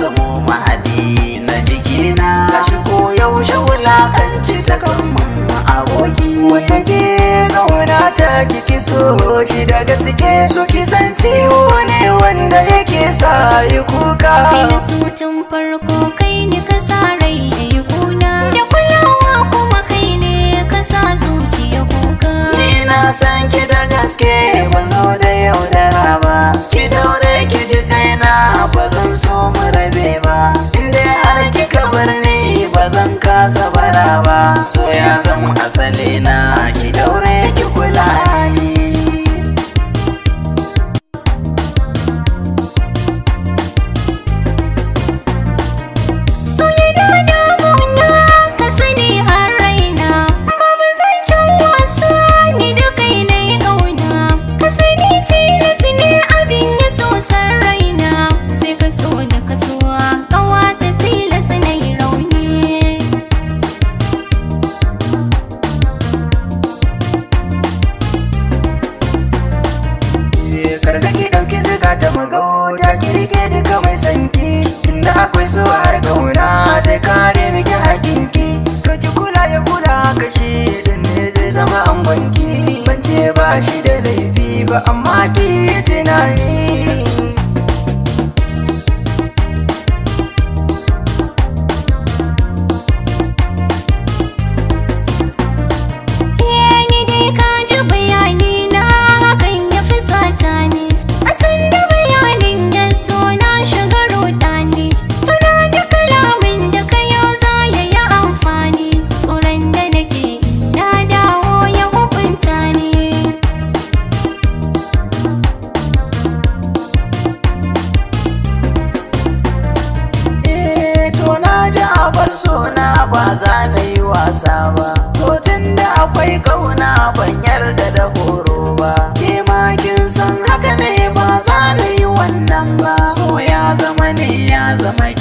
zamo mahadi na jikina gashi ko yaushe wulakanci ta kan aboki wata ke zauna ta kiki so shi da gaske su kisanci ciwo ne wanda yake sa yi kuka ina su tun farko ki ɗauki zuga ta magawo ta kirke duka mai sanki inda akwai su har kauna zai kare miki haƙinki To ki kula ya kula kashi, shi ne zai zama an banki Ban ce ba shi da laifi ba amma ki tunani sona suna ba za na yi wasa ba to tun da akwai kauna ban yarda da horo ba ke ma kin san haka ne ba za na yi wannan ba so ya zama ne ya zama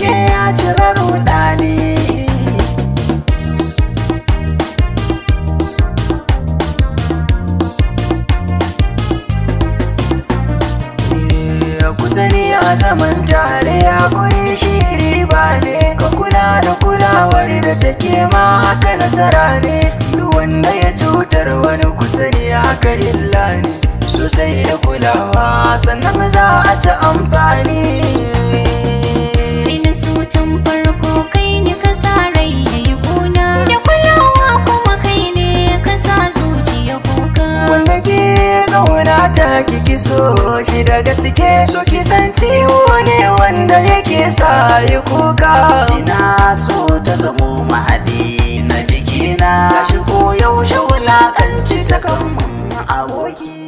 zaman tare ya kuri shiri ba ne ka kula da kulawar da take ma haka nasara ne duk wanda ya cutar wani kusa ne haka illa ne sosai da kulawa sannan za a ci amfani Wanda ke ta kiki so ki da gaske so ki san ciwo ne wanda yake sa yi kuka ina so ta zamo ma'adi na jikina ta shigo yaushe wulakanci ta kan aboki